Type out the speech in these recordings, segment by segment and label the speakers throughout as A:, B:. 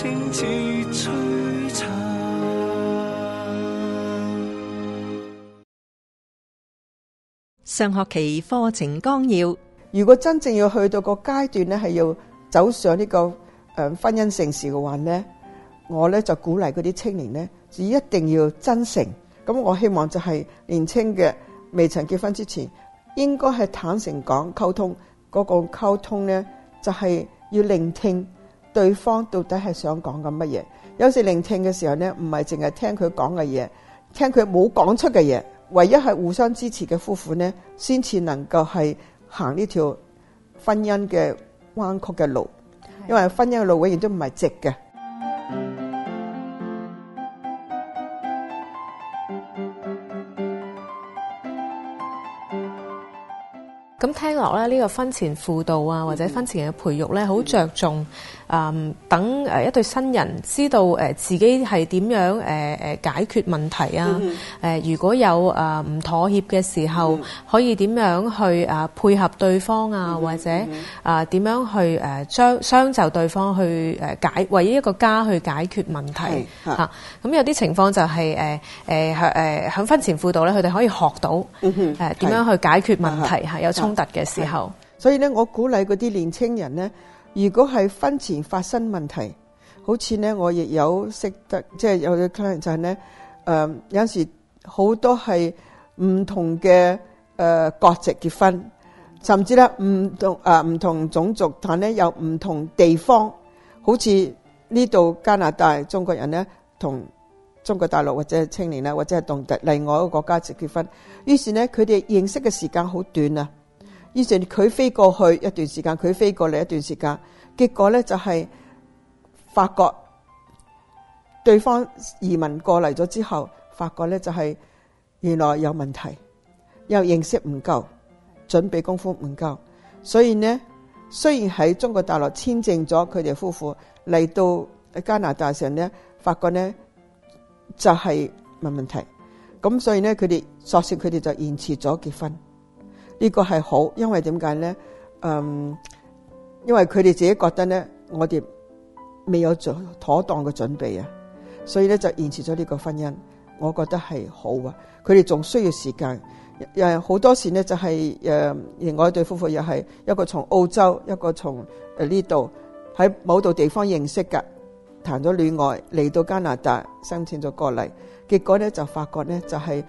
A: 清
B: 上學期課程綱要，如果真正要去到個階段咧，係要走上呢、這個誒、嗯、婚姻盛事嘅話咧，我咧就鼓勵嗰啲青年咧，就一定要真誠。咁我希望就係年青嘅未曾結婚之前，應該係坦誠講溝通，嗰、那個溝通咧就係、是、要聆聽。對方到底係想講緊乜嘢？有時聆聽嘅時候咧，唔係淨係聽佢講嘅嘢，聽佢冇講出嘅嘢。唯一係互相支持嘅夫婦咧，先至能夠係行呢條婚姻嘅彎曲嘅路。是的 因為婚姻嘅路永遠都唔係直嘅。咁聽落
A: 咧，呢、呢個婚前輔導啊，或者婚前嘅培育咧，好着重。嗯啊、嗯，等一對新人知道自己係點樣解決問題啊！Mm hmm. 如果有啊唔妥協嘅時候，mm hmm. 可以點樣去配合對方啊，mm hmm. 或者、mm hmm. 啊點樣去將相將就對方去解，為依一個家去解決問題嚇。咁、mm hmm. 啊、有啲情況就係誒誒響婚前輔導咧，佢哋可以學到誒點、mm hmm. 啊、樣去解決問題、mm hmm. 有衝突嘅時
B: 候。Mm hmm. 所以呢，我鼓勵嗰啲年青人呢。如果係婚前發生問題，好似咧我亦有識得，即係有啲可能就係、是、咧，誒、呃、有時好多係唔同嘅誒、呃、國籍結婚，甚至咧唔同唔、呃、同種族，但咧有唔同地方，好似呢度加拿大中國人咧同中國大陸或者係青年咧，或者係同第另外一個國家結結婚，於是咧佢哋認識嘅時間好短啊。佢飛過去一段時間，佢飛過嚟一段時間，結果咧就係發覺對方移民過嚟咗之後，發覺咧就係原來有問題，又認識唔夠，準備功夫唔夠，所以呢雖然喺中國大陸簽證咗，佢哋夫婦嚟到加拿大上咧，發覺呢就係問問題，咁所以呢佢哋索性佢哋就延遲咗結婚。呢個係好，因為點解咧？嗯，因為佢哋自己覺得咧，我哋未有做妥當嘅準備啊，所以咧就延遲咗呢個婚姻。我覺得係好啊，佢哋仲需要時間。誒好多時咧就係誒另外一對夫婦，又係一個從澳洲，一個從誒呢度，喺某度地方認識噶，談咗戀愛嚟到加拿大申請咗過嚟，結果咧就發覺咧就係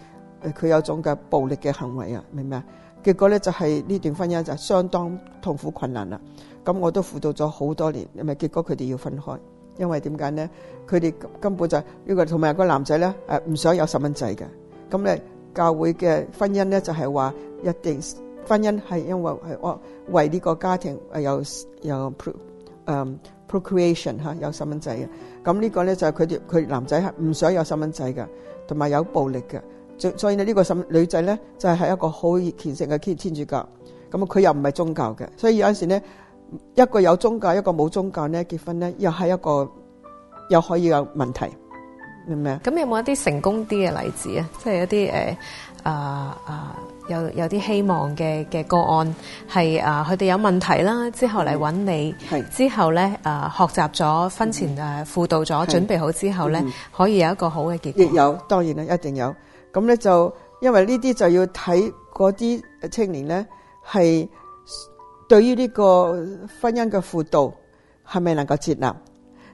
B: 誒佢有種嘅暴力嘅行為啊，明唔明啊？結果咧就係、是、呢段婚姻就相當痛苦困難啦，咁我都輔導咗好多年，咪結果佢哋要分開，因為點解咧？佢哋根本就係呢、這個同埋個男仔咧，誒唔想有細蚊仔嘅，咁咧教會嘅婚姻咧就係、是、話一定婚姻係因為係我為呢個家庭誒有有 pro 誒、um, procreation 吓有細蚊仔嘅，咁呢個咧就係佢哋佢男仔係唔想有細蚊仔嘅，同埋有暴力嘅。所以呢個女仔呢，就係一個好虔誠嘅天主教，咁佢又唔係宗教嘅，所以有陣時呢，一個有宗教一個冇宗教呢結婚呢，又係一個又可以有問題，明唔明？咁有冇一啲成功啲嘅例子啊？
A: 即係一啲誒啊啊有有啲希望嘅嘅個案係啊，佢哋有問題啦，之後嚟揾你，嗯、之後呢，啊學習咗婚前
B: 誒輔導咗，嗯、準備好之後呢，嗯、可以有一個好嘅結果。有當然啦，一定有。咁咧就，因為呢啲就要睇嗰啲青年咧，係對於呢個婚姻嘅輔導係咪能夠接納？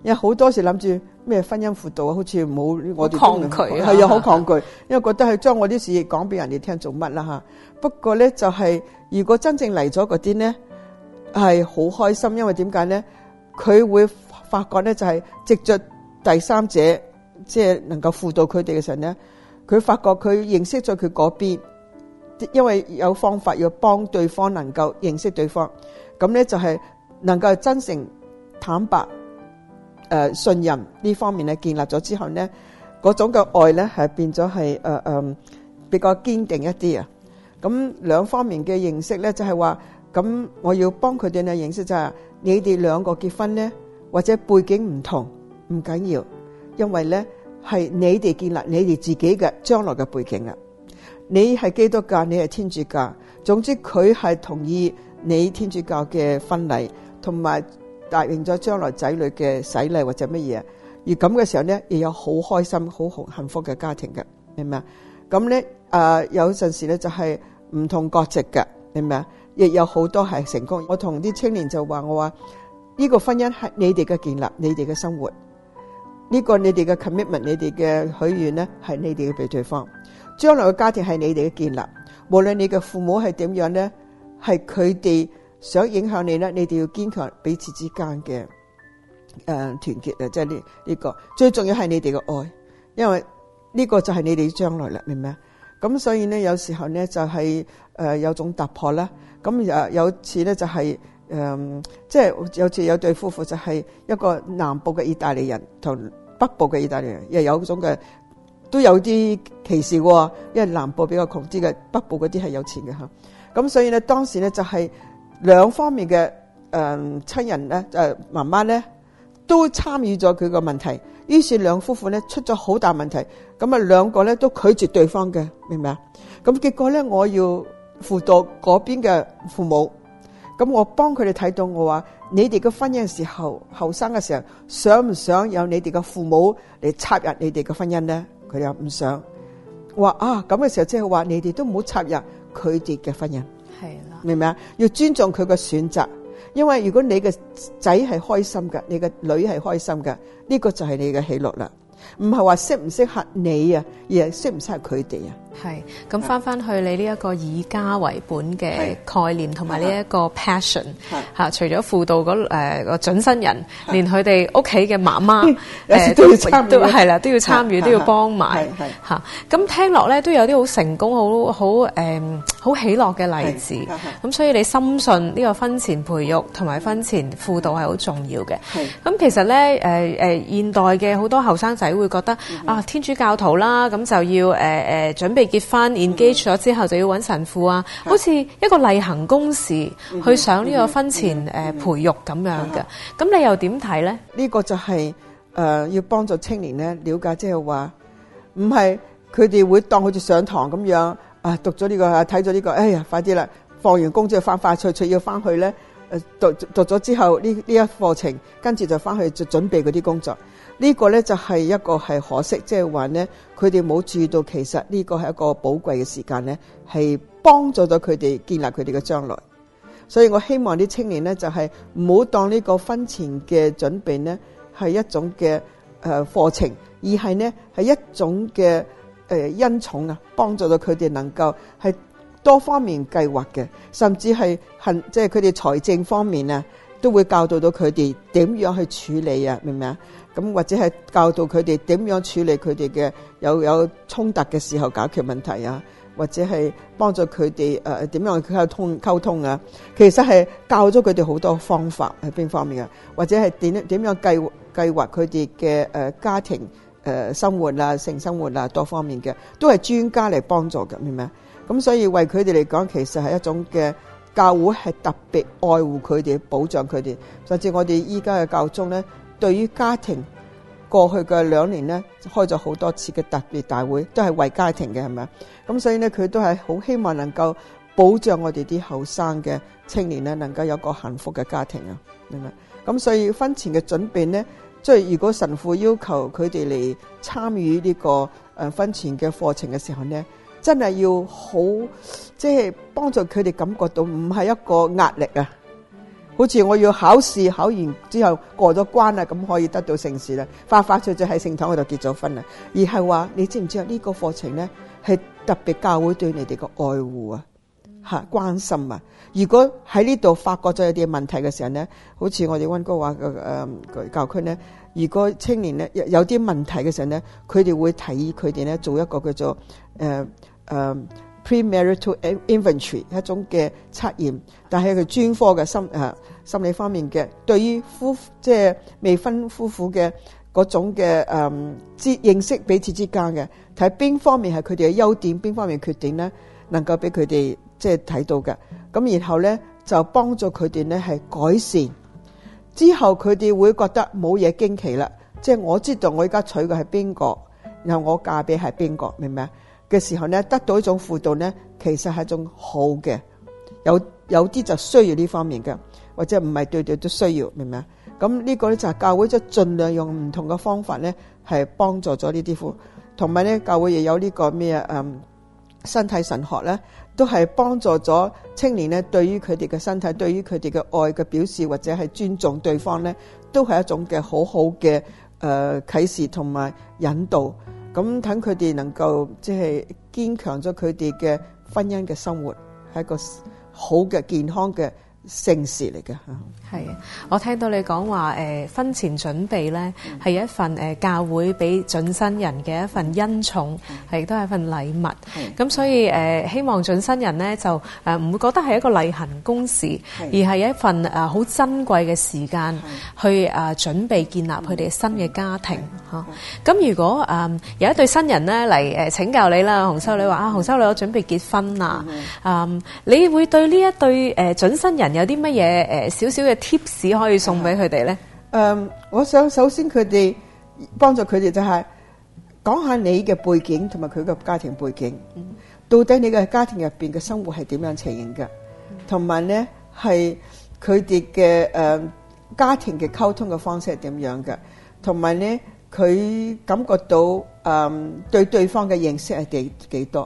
B: 因為好多時諗住咩婚姻輔導啊，好似唔好，我哋抗拒，係啊，好抗拒，因為覺得係將我啲事講俾人哋聽做乜啦嚇。不過咧就係、是，如果真正嚟咗嗰啲咧，係好開心，因為點解咧？佢會發覺咧，就係藉著第三者即係、就是、能夠輔導佢哋嘅時候咧。佢發覺佢認識咗佢嗰邊，因為有方法要幫對方能夠認識對方，咁咧就係能夠真誠、坦白、誒、呃、信任呢方面咧建立咗之後咧，嗰種嘅愛咧係變咗係誒誒比較堅定一啲啊。咁兩方面嘅認識咧就係話，咁我要幫佢哋咧認識就係、是，你哋兩個結婚咧或者背景唔同唔緊要，因為咧。係你哋建立你哋自己嘅將來嘅背景。你係基督教，你係天主教，總之佢係同意你天主教嘅婚禮，同埋達成咗將來仔女嘅洗禮或者乜嘢。而咁嘅時候咧，亦有好開心、好幸幸福嘅家庭嘅，明唔明啊？咁咧，誒有陣時咧就係唔同國籍嘅，明唔明啊？亦有好多係成功。我同啲青年就話我話呢個婚姻係你哋嘅建立，你哋嘅生活。呢個你哋嘅 commitment，你哋嘅許願咧，係你哋嘅俾對方，將來嘅家庭係你哋嘅建立。無論你嘅父母係點樣咧，係佢哋想影響你咧，你哋要堅強彼此之間嘅誒團結啊！即係呢呢個最重要係你哋嘅愛，因為呢個就係你哋將來啦，明唔明啊？咁所以咧，有時候咧就係、是、誒、呃、有種突破啦。咁啊有，有次咧就係、是、誒、嗯，即係有次有對夫婦就係一個南部嘅意大利人同北部嘅意大利人，又有種嘅都有啲歧視的，因為南部比較窮啲嘅，北部嗰啲係有錢嘅吓。咁所以咧，當時咧就係、是、兩方面嘅誒親人咧誒媽媽咧都參與咗佢個問題，於是兩夫婦咧出咗好大問題，咁啊兩個咧都拒絕對方嘅，明唔明啊？咁結果咧，我要輔導嗰邊嘅父母。咁我幫佢哋睇到我話，你哋嘅婚姻時候，後生嘅時候，想唔想有你哋嘅父母嚟插入你哋嘅婚姻咧？佢又唔想，話啊咁嘅時候即係話，就是、你哋都唔好插入佢哋嘅婚姻，係啦的，明唔明啊？要尊重佢嘅選擇，因為如果你嘅仔係開心嘅，你嘅女係開心嘅，呢、這個就係你嘅喜樂啦，唔係話適唔適合你啊，而係適唔適合佢哋啊。
A: 係，咁翻翻去你呢一個以家為本嘅概念，同埋呢一個 passion 吓，除咗輔導嗰誒個準新人，連佢哋屋企嘅媽媽，誒都要參，都係啦，都要參與，都要幫埋吓。咁聽落咧，都有啲好成功、好好誒好喜樂嘅例子。咁所以你深信呢個婚前培育同埋婚前輔導係好重要嘅。係，咁其實咧，誒誒，現代嘅好多後生仔會覺得啊，天主教徒啦，咁就要誒誒準備。結婚 engage 咗之後就要揾神父啊，的好似一個例行公事、嗯、哼去上呢個婚前
B: 誒、嗯哼呃、培育咁樣嘅，咁、嗯、哼你又點睇咧？呢個就係、是、誒、呃、要幫助青年咧了解，即係話唔係佢哋會當好似上堂咁樣啊，讀咗呢、這個睇咗呢個，哎呀快啲啦，放完工之後快快脆脆，要翻去咧。讀讀咗之後呢呢一課程，跟住就返去就準備嗰啲工作。這個、呢個咧就係、是、一個係可惜，即係話咧，佢哋冇注意到，其實呢個係一個寶貴嘅時間咧，係幫助咗佢哋建立佢哋嘅將來。所以我希望啲青年咧，就係唔好當呢個婚前嘅準備咧，係一種嘅誒、呃、課程，而係呢係一種嘅誒恩寵啊，幫助到佢哋能夠係。多方面計劃嘅，甚至係喺即係佢哋財政方面啊，都會教導到佢哋點樣去處理啊，明唔明啊？咁或者係教導佢哋點樣處理佢哋嘅有有衝突嘅時候解決問題啊，或者係幫助佢哋誒點樣去溝通溝通啊？其實係教咗佢哋好多方法，喺邊方面嘅，或者係點點樣計計劃佢哋嘅誒家庭誒生活啦、性生活啦多方面嘅，都係專家嚟幫助嘅，明唔明啊？咁所以為佢哋嚟講，其實係一種嘅教會係特別愛護佢哋，保障佢哋。甚至我哋依家嘅教宗咧，對於家庭過去嘅兩年咧，開咗好多次嘅特別大會，都係為家庭嘅，係咪啊？咁所以咧，佢都係好希望能夠保障我哋啲後生嘅青年咧，能夠有個幸福嘅家庭啊！明白？咁所以婚前嘅準備咧，即係如果神父要求佢哋嚟參與呢個誒婚前嘅課程嘅時候咧。真係要好，即係幫助佢哋感覺到唔係一個壓力啊！好似我要考試，考完之後過咗關啦，咁可以得到聖事啦，快快脆脆喺聖堂嗰度結咗婚啦。而係話，你知唔知啊？呢個課程咧係特別教會對你哋嘅愛護啊，吓、嗯、關心啊！如果喺呢度發覺咗有啲問題嘅時候咧，好似我哋溫哥華嘅誒教區咧，如果青年咧有有啲問題嘅時候咧，佢哋會提議佢哋咧做一個叫做誒。呃誒、um, pre-marital inventory 一種嘅測驗，但係佢專科嘅心誒、啊、心理方面嘅，對於夫即係、就是、未婚夫婦嘅嗰種嘅誒、嗯、知認識彼此之間嘅睇邊方面係佢哋嘅優點，邊方面缺點咧，能夠俾佢哋即係睇到嘅，咁，然後咧就幫助佢哋咧係改善之後佢哋會覺得冇嘢驚奇啦。即、就、係、是、我知道我而家娶嘅係邊個，然後我嫁俾係邊個，明唔明啊？嘅時候咧，得到一種輔導咧，其實係一種好嘅，有有啲就需要呢方面嘅，或者唔係對對都需要，明唔明啊？咁呢個咧就係教會就盡量用唔同嘅方法咧，係幫助咗呢啲父，同埋咧教會亦有呢個咩啊？身體神學咧，都係幫助咗青年咧，對於佢哋嘅身體，對於佢哋嘅愛嘅表示，或者係尊重對方咧，都係一種嘅好好嘅誒啟示同埋引導。咁等佢哋能夠即係堅強咗佢哋嘅婚姻嘅生活，係一個好嘅健康嘅聖事嚟嘅吓。嗯
A: 係，我聽到你講話誒婚前準備咧，係一份誒教會俾準新人嘅一份恩寵，係亦都係一份禮物。咁所以誒，希望準新人咧就誒唔會覺得係一個例行公事，而係一份誒好珍貴嘅時間去誒準備建立佢哋新嘅家庭嚇。咁如果誒有一對新人咧嚟誒請教你啦，洪修女話啊，洪修女我準備結婚啦，誒，你會對呢一對誒準新人
B: 有啲乜嘢誒少少嘅 tips 可以送俾佢哋咧？誒、嗯，我想首先佢哋幫助佢哋就係、是、講下你嘅背景同埋佢嘅家庭背景，嗯、哼到底你嘅家庭入邊嘅生活係點樣呈現嘅？同埋咧，係佢哋嘅誒家庭嘅溝通嘅方式係點樣嘅？同埋咧，佢感覺到誒、呃、對,對對方嘅認識係幾幾多？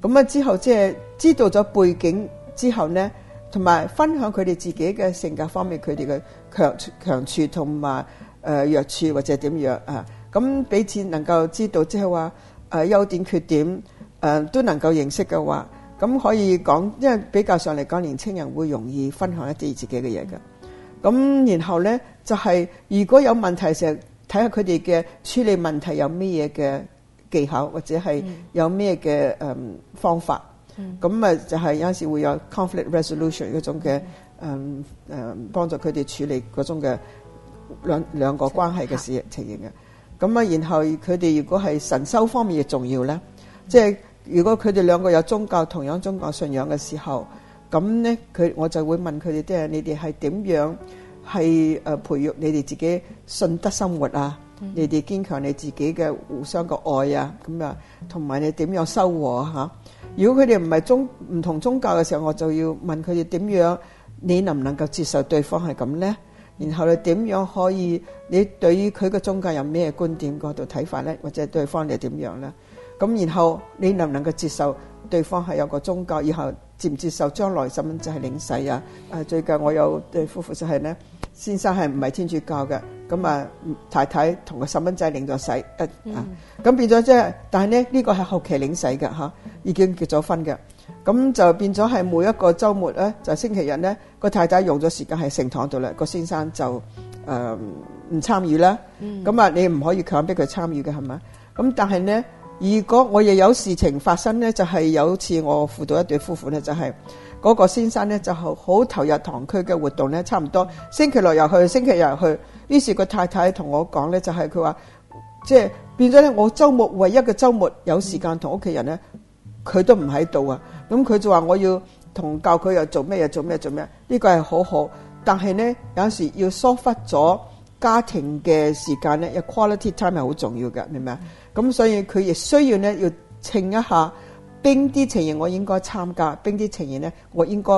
B: 咁啊、嗯、哼之後即、就、係、是、知道咗背景之後咧。同埋分享佢哋自己嘅性格方面，佢哋嘅強強處同埋誒弱處或者點樣啊？咁彼此能夠知道，即係話誒優點缺點誒、呃、都能夠認識嘅話，咁、嗯、可以講，因為比較上嚟講，年青人會容易分享一啲自己嘅嘢嘅。咁然後咧就係、是、如果有問題時，睇下佢哋嘅處理問題有咩嘢嘅技巧，或者係有咩嘅誒方法。咁啊，嗯、就係有陣時會有 conflict resolution 嗰種嘅誒誒，幫、嗯嗯嗯、助佢哋處理嗰種嘅兩兩個關係嘅事情形嘅。咁啊、呃呃呃，然後佢哋如果係神修方面嘅重要咧，即係、嗯、如果佢哋兩個有宗教同樣宗教信仰嘅時候，咁咧佢我就會問佢哋即係，你哋係點樣係誒培育你哋自己信德生活啊？嗯、你哋堅強你自己嘅互相個愛啊，咁、嗯、啊，同埋你點樣修和吓？如果佢哋唔係宗唔同宗教嘅時候，我就要問佢哋點樣，你能唔能夠接受對方係咁咧？然後你點樣可以？你對於佢個宗教有咩觀點角度睇法咧？或者對方係點樣咧？咁然後你能唔能夠接受對方係有個宗教以後？接唔接受將來細蚊仔係領洗啊？誒，最近我有對夫婦就係咧，先生係唔係天主教嘅，咁啊太太同個細蚊仔領咗洗、嗯、啊，咁變咗即係，但係咧呢、這個係後期領洗嘅嚇、啊，已經結咗婚嘅，咁就變咗係每一個週末咧，就是、星期日咧，個太太用咗時間喺聖堂度咧，個先生就誒唔參與啦。咁、呃、啊，嗯、你唔可以強逼佢參與嘅係咪？咁但係咧。如果我又有事情發生呢，就係、是、有次我輔導一對夫婦呢，就係、是、嗰個先生呢，就好投入堂區嘅活動呢。差唔多星期六又去，星期日又去。於是個太太同我講呢，就係佢話，即、就、係、是、變咗咧，我週末唯一嘅週末有時間同屋企人呢，佢都唔喺度啊。咁佢就話我要同教佢又做咩嘢，做咩做咩？呢個係好好，但係呢，有時要疏忽咗。家庭嘅時間咧，有 quality time 係好重要嘅，明唔明啊？咁、嗯、所以佢亦需要咧，要稱一下，邊啲情形我應該參加，邊啲情形咧我應該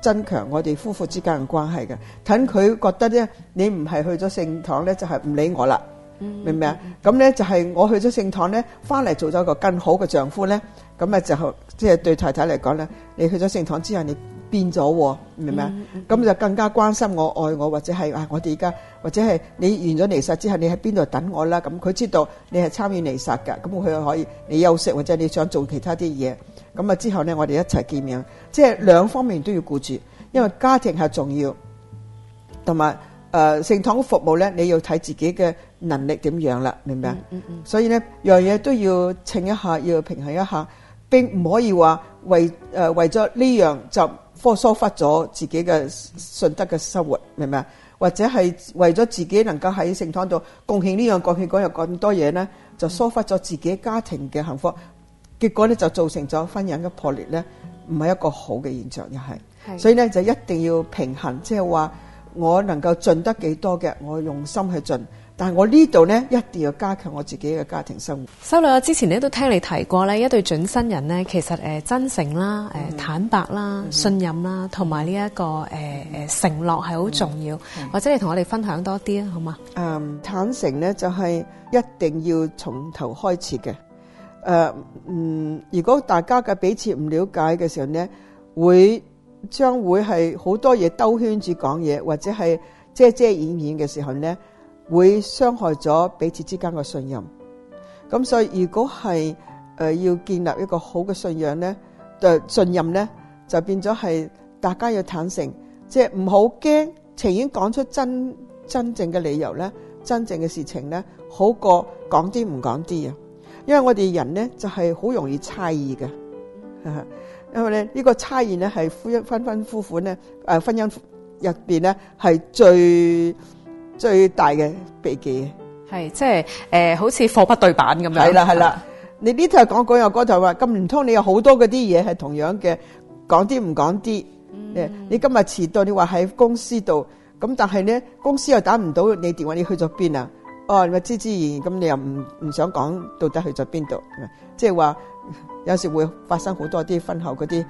B: 增強我哋夫婦之間嘅關係嘅。等佢覺得咧，你唔係去咗聖堂咧，就係、是、唔理我啦，明唔明啊？咁咧、嗯嗯嗯、就係我去咗聖堂咧，返嚟做咗個更好嘅丈夫咧。咁啊，之後即係對太太嚟講咧，你去咗聖堂之後，你變咗，明唔明啊？咁、嗯嗯、就更加關心我、愛我，或者係啊、哎，我哋而家，或者係你完咗彌撒之後，你喺邊度等我啦？咁佢知道你係參與彌撒噶，咁佢可以你休息，或者你想做其他啲嘢，咁啊之後咧，我哋一齊見面，即係兩方面都要顧住，因為家庭係重要，同埋誒聖堂嘅服務咧，你要睇自己嘅能力點樣啦，明唔明啊？嗯嗯嗯、所以咧樣嘢都要請一下，要平衡一下。並唔可以話為誒、呃、為咗呢樣就疏忽咗自己嘅信德嘅生活，明唔明啊？或者係為咗自己能夠喺聖堂度貢獻呢樣貢獻嗰樣咁多嘢咧，就疏忽咗自己家庭嘅幸福，結果咧就造成咗婚姻嘅破裂咧，唔係一個好嘅現象，又係，是的 所以咧就一定要平衡，即係話。我能夠盡得幾多嘅，我用心去盡。但係我這裡呢度咧，一定要加強我自己嘅家庭生活。
A: 收禮啊！我之前咧都聽你提過咧，一對準新人咧，其實誒，真誠啦、誒、嗯、坦白啦、嗯、信任啦，同埋呢一個誒誒、嗯、承諾係好重要。嗯、或者你同我哋分享多啲啊，好嘛？
B: 誒、嗯、坦誠咧，就係一定要從頭開始嘅。誒、呃、嗯，如果大家嘅彼此唔了解嘅時候咧，會。將會係好多嘢，兜圈子講嘢，或者係遮遮掩掩嘅時候咧，會傷害咗彼此之間嘅信任。咁所以如果係誒、呃、要建立一個好嘅信仰咧，就信任咧，就變咗係大家要坦誠，即係唔好驚，情願講出真真正嘅理由咧，真正嘅事情咧，好過講啲唔講啲啊。因為我哋人咧就係、是、好容易猜疑嘅。哈哈因為咧呢個差異咧係夫一分分夫款咧，誒、啊、婚姻入邊咧係最最大嘅避忌嘅，
A: 係即係誒、呃、好似貨不對板咁樣。係啦係啦，
B: 你呢頭講講又嗰頭話咁，唔通你有好多嗰啲嘢係同樣嘅，講啲唔講啲。誒、嗯，你今日遲到，你話喺公司度，咁但係咧公司又打唔到你電話，你去咗邊啊？哦，你話之之然，咁你又唔唔想講到底去咗邊度？即係話。有時會發生好多啲婚後嗰啲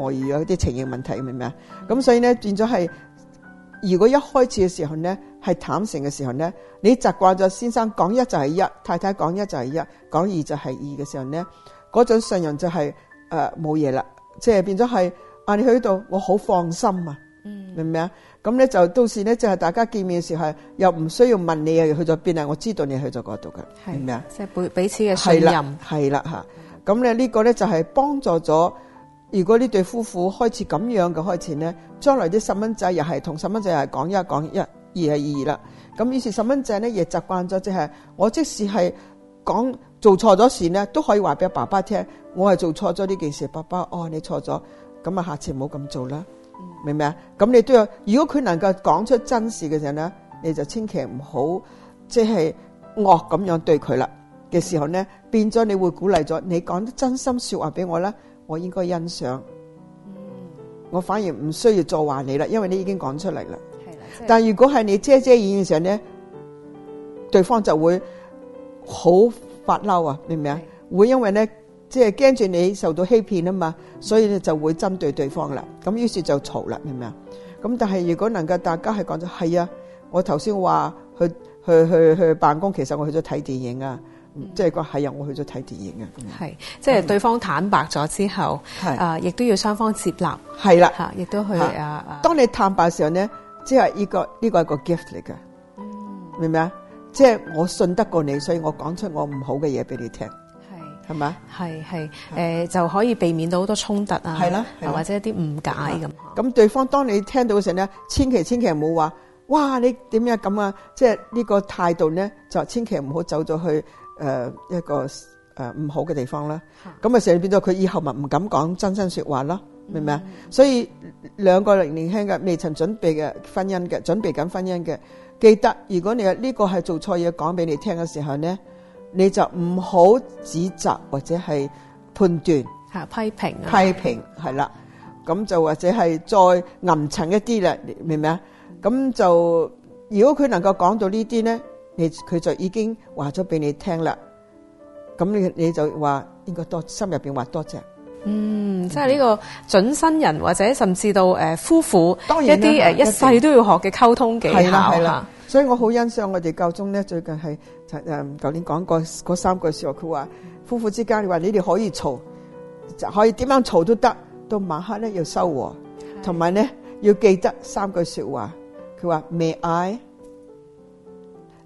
B: 外遇啊嗰啲情形問題，明唔明啊？咁、嗯、所以咧變咗係，如果一開始嘅時候咧係坦誠嘅時候咧，你習慣咗先生講一就係一，太太講一就係一，講二就係二嘅時候咧，嗰種信任就係誒冇嘢啦，即係變咗係啊你去到我好放心啊，嗯明，明唔明啊？咁咧就到時咧就係、是、大家見面嘅時候又唔需要問你啊去咗邊啊，我知道你去咗嗰度噶，是明唔明啊？即
A: 係背彼此嘅信任
B: 是，係啦吓。咁咧呢個咧就係幫助咗，如果呢對夫婦開始咁樣嘅開始咧，將來啲細蚊仔又係同細蚊仔又係講一講一，二係二啦。咁以前細蚊仔咧亦習慣咗，即係我即使係講做錯咗事咧，都可以話俾爸爸聽，我係做錯咗呢件事，爸爸哦，你錯咗，咁啊下次唔好咁做啦，明唔明啊？咁你都要，如果佢能夠講出真事嘅時候咧，你就千祈唔好即係惡咁樣對佢啦。嘅時候咧，變咗你會鼓勵咗你講啲真心說話俾我啦。我應該欣賞，嗯，我反而唔需要再話你啦，因為你已經講出嚟啦。但如果係你遮遮掩掩上呢，咧，對方就會好發嬲啊。明唔明啊？會因為咧，即係驚住你受到欺騙啊嘛，所以咧就會針對對方啦。咁於是就嘈啦，明唔明啊？咁但係如果能夠大家係講咗係啊，我頭先話去去去去辦公，其實我去咗睇電影啊。即係個係啊！我去咗睇電影啊。係
A: 即係對方坦
B: 白咗之後，誒，亦都要雙方接納，係啦吓，亦都去誒。當你坦白嘅時候咧，即係呢個呢個係個 gift 嚟嘅，明唔明啊？即係我信得過你，所以我講出我唔好嘅嘢俾你聽，係係咪啊？
A: 係係誒，
B: 就可以避免到好多衝突啊，係啦，或者一啲誤解咁。咁對方當你聽到嘅時候咧，千祈千祈唔好話哇，你點樣咁啊？即係呢個態度咧，就千祈唔好走咗去，誒，一個誒唔好嘅地方啦，咁啊，成日變到佢以後咪唔敢講真心說話咯，明唔明啊？所以兩個年年輕嘅未曾準備嘅婚姻嘅，準備緊婚姻嘅，記得如果你嘅呢個係做錯嘢，講俾你聽嘅時候咧，你就唔好指責或者係判斷吓批評批評係啦，咁就或者係再陰沉一啲啦，明唔明啊？咁就如果佢能夠講到呢啲咧。你佢就已經話咗俾你聽啦，咁你你就話應該多心入邊話多謝。嗯，即係呢個準新人或者甚至到誒、呃、夫婦，當然啦一，些、啊、一世
A: 都要學嘅溝通技巧。係啦係啦，
B: 所以我好欣賞我哋教宗咧，最近係誒舊年講過嗰三句說話，佢話夫婦之間話你哋可以嘈，就可以點樣嘈都得，到晚黑咧要收，和，同埋咧要記得三句說話。佢話 May I？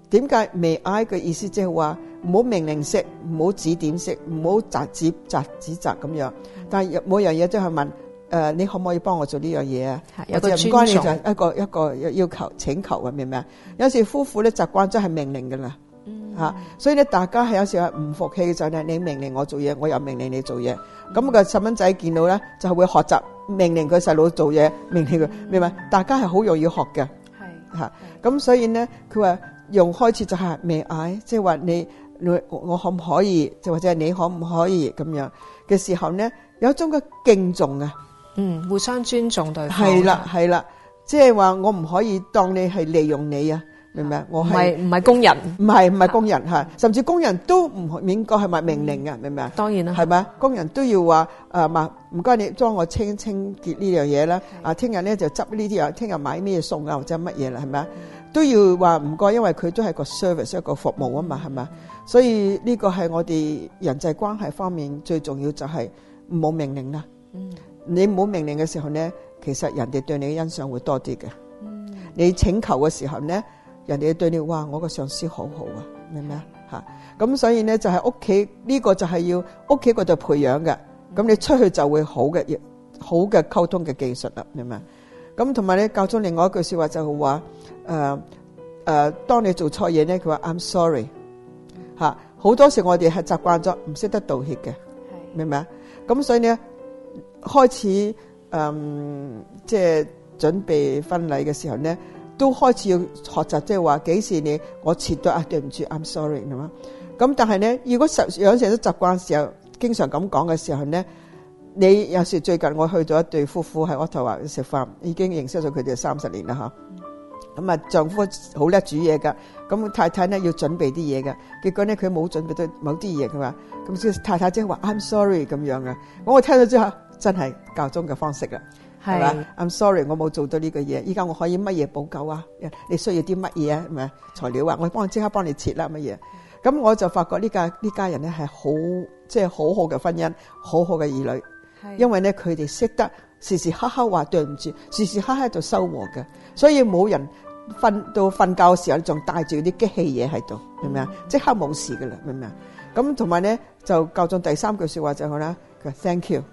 B: 點解未嗌嘅意思，即係話唔好命令式，唔好指點式，唔好責指責指責咁樣。嗯、但係每樣嘢即係問誒、呃，你可唔可以幫我做呢樣嘢啊？有時唔關你重就一個一個要求請求啊，明唔明啊？有時夫婦咧習慣即係命令嘅啦嚇，所以咧大家係有時唔服氣嘅時候你命令我做嘢，我又命令你做嘢，咁、嗯、個細蚊仔見到咧就係會學習命令佢細佬做嘢，命令佢、嗯、明唔明？大家係好容易學嘅嚇，咁、啊、所以咧佢話。用開始就係未嗌，即係話你你我可唔可以？就或者係你可唔可以咁樣嘅時候咧，有一種嘅敬重啊，嗯，互相尊重對方、啊。係啦，係啦，即係話我唔可以當你係利用你啊，明唔明啊？明白我唔係唔係工人，唔係唔係工人嚇，是甚至工人都唔應該係咪命令啊？嗯、明唔明啊？當然啦，係咪啊？工人都要話誒嘛，唔、啊、該你幫我清清潔呢樣嘢啦。啊，聽日咧就執呢啲啊，聽日買咩餸啊，或者乜嘢啦，係咪啊？都要話唔該，因為佢都係個 service 一個服務啊嘛，係咪？是 mm. 所以呢個係我哋人際關係方面最重要，就係冇命令啦。嗯，mm. 你冇命令嘅時候咧，其實人哋對你嘅欣賞會多啲嘅。Mm. 你請求嘅時候咧，人哋對你哇，我個上司好好啊，明唔明啊？嚇，咁所以咧就係屋企呢個就係要屋企嗰度培養嘅，咁、mm. 你出去就會好嘅，好嘅溝通嘅技術啦，明唔明？咁同埋咧，教宗另外一句說話就係話，誒、呃、誒、呃，當你做錯嘢咧，佢話 I'm sorry，吓，好多時我哋係習慣咗唔識得道歉嘅，的明唔明啊？咁所以咧，開始，嗯，即係準備婚禮嘅時候咧，都開始要學習，即係話幾時你我切咗啊？Ah, 對唔住，I'm sorry，咁啊？咁但係咧，如果有養成咗習慣，時候經常咁講嘅時候咧。你有時候，最近我去咗一對夫婦喺屋頭話食飯，已經認識咗佢哋三十年啦吓，咁啊、嗯，丈夫好叻煮嘢噶，咁太太咧要準備啲嘢噶。結果咧，佢冇準備到某啲嘢，佢嘛。咁，即係太太係話 I'm sorry 咁樣啊。我我聽到之後真係教宗嘅方式啦，係嘛？I'm sorry 我冇做到呢個嘢，依家我可以乜嘢補救啊？你需要啲乜嘢啊？材料啊，我幫即刻幫你切啦乜嘢？咁我就發覺呢家呢家人咧係、即係、好即係好好嘅婚姻，好好嘅兒女。是因為咧佢哋識得時時刻刻話對唔住，時時刻刻就收和嘅，所以冇人瞓到瞓覺嘅時候仲帶住啲激氣嘢，喺度，明唔明啊？即刻冇事噶啦，明唔明啊？咁同埋咧就教咗第三句說話就好、是、啦，佢 thank you，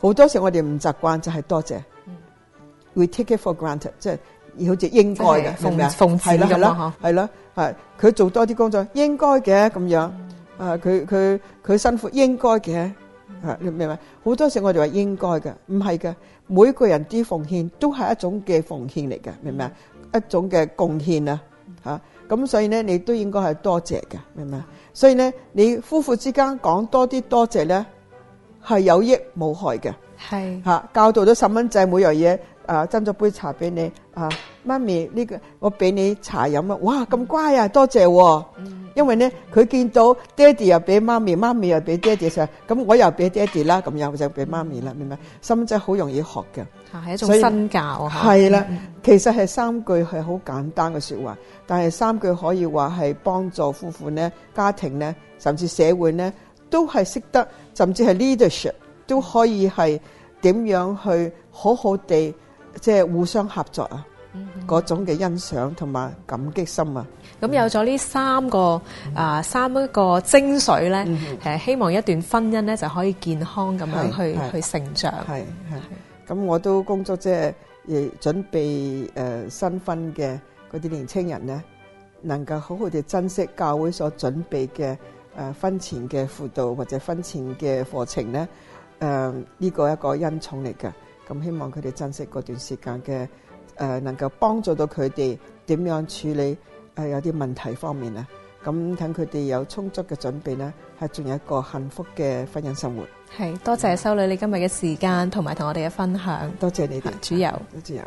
B: 好多時我哋唔習慣就係多謝，
C: 謝、
B: 嗯、，we take it for granted，即係好似應該嘅，就是、明唔明？係啦係啦，係啦，佢做多啲工作應該嘅咁樣，佢佢佢辛苦應該嘅。明唔明？好多時我哋話應該嘅，唔係嘅，每個人啲奉獻都係一種嘅奉獻嚟嘅，明唔明啊？一種嘅貢獻啊，吓，咁所以咧，你都應該係多謝嘅，明唔明啊？所以咧，你夫婦之間講多啲多謝咧，係有益冇害嘅，係吓是、啊、教導咗十蚊仔每樣嘢。啊，斟咗杯茶俾你啊，媽咪呢、這個我俾你茶飲啊！哇，咁乖啊，多謝、啊。嗯、因為咧，佢見到爹哋又俾媽咪，媽咪又俾爹哋食，咁我又俾爹哋啦，咁樣就俾媽咪啦，明唔明？心真係好容易學嘅，係、啊、
A: 一種身教吓。係啦，
B: 其實係三句係好簡單嘅說話，嗯、但係三句可以話係幫助夫婦咧、家庭咧，甚至社會咧，都係識得，甚至係 leadership 都可以係點樣去好好地。即係互相合作啊，嗰、嗯、哼種嘅欣賞同埋感激心啊。
A: 咁有咗呢三個啊、嗯哼呃、三一個精髓咧，誒、嗯哼呃、希望一段婚姻咧就可以健康咁樣去是去成長。係係。
B: 咁是我都工作即係準備誒新婚嘅嗰啲年輕人咧，能夠好好哋珍惜教會所準備嘅誒、呃、婚前嘅輔導或者婚前嘅課程咧，誒呢個一個恩寵嚟嘅。咁希望佢哋珍惜嗰段時間嘅，誒能夠幫助到佢哋點樣處理誒有啲問題方面啊，咁等佢哋有充足嘅準備咧，係仲有一個幸福嘅婚姻生活。
A: 係多謝修女你今日嘅時間同埋同我哋嘅分享。多謝你哋主友，主友。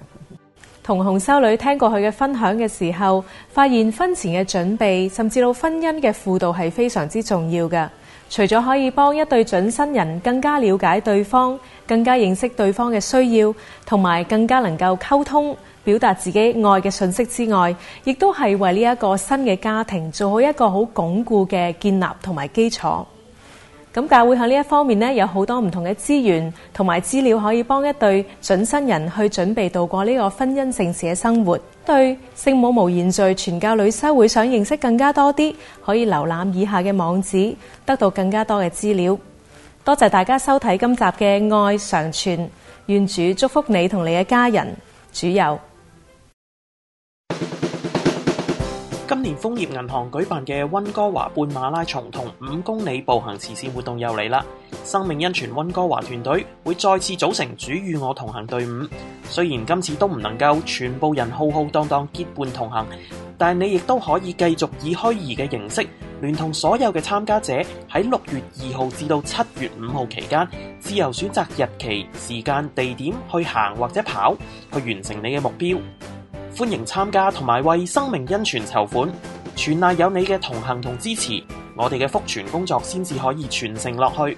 A: 同紅修女聽過佢嘅分享嘅時候，發現婚前嘅準備，甚至到婚姻嘅輔導係非常之重要嘅。除咗可以幫一對準新人更加了解對方，更加認識對方嘅需要，同埋更加能夠溝通、表達自己愛嘅信息之外，亦都係為呢一個新嘅家庭做好一個好鞏固嘅建立同埋基礎。咁教會喺呢一方面咧，有好多唔同嘅資源同埋資料可以幫一對準新人去準備度過呢個婚姻盛事嘅生活。對聖母無，無言罪傳教女修會想認識更加多啲，可以瀏覽以下嘅網址，得到更加多嘅資料。多謝大家收睇今集嘅《愛常傳》，願主祝福你同你嘅家人主佑。
C: 今年豐業銀行舉辦嘅溫哥華半馬拉松同五公里步行慈善活動又嚟啦！生命恩泉
B: 溫哥華團隊會再次組成主與我同行隊伍，雖然今次都唔能夠全部人浩浩蕩蕩蕩結伴同行，但你亦都可以繼續以虛擬嘅形式，聯同所有嘅參加者喺六月二號至到七月五號期間，自由選擇日期、時間、地點去行或者跑，去完成你嘅目標。歡迎參加同埋為生命恩泉籌款，全賴有你嘅同行同支持，我哋嘅福傳工作先至可以傳承落去。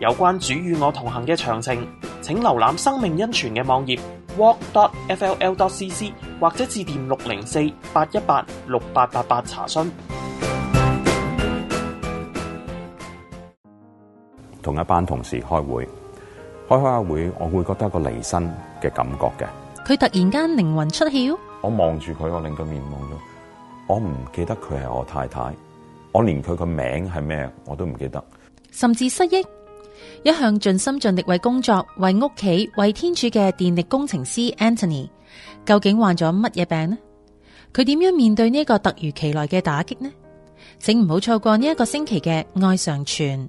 B: 有關主與我同行嘅詳情，請瀏覽生命恩泉嘅網頁 walk.dot.fll.dot.cc 或者致電六零四八一八六八八八查詢。
C: 同一班同事開會，開開下會，我會覺得一個離身嘅感覺嘅。佢突然間靈魂出竅。
B: 我望住佢，我令個面望咗，我唔記得佢係我太太，我連佢個名係咩我都唔記得，
C: 甚至失憶。一向盡心盡力為工作、為屋企、為天主嘅電力工程師 Anthony，究竟患咗乜嘢病呢？佢點樣面對呢個突如其來嘅打擊呢？請唔好錯過呢一個星期嘅愛上傳。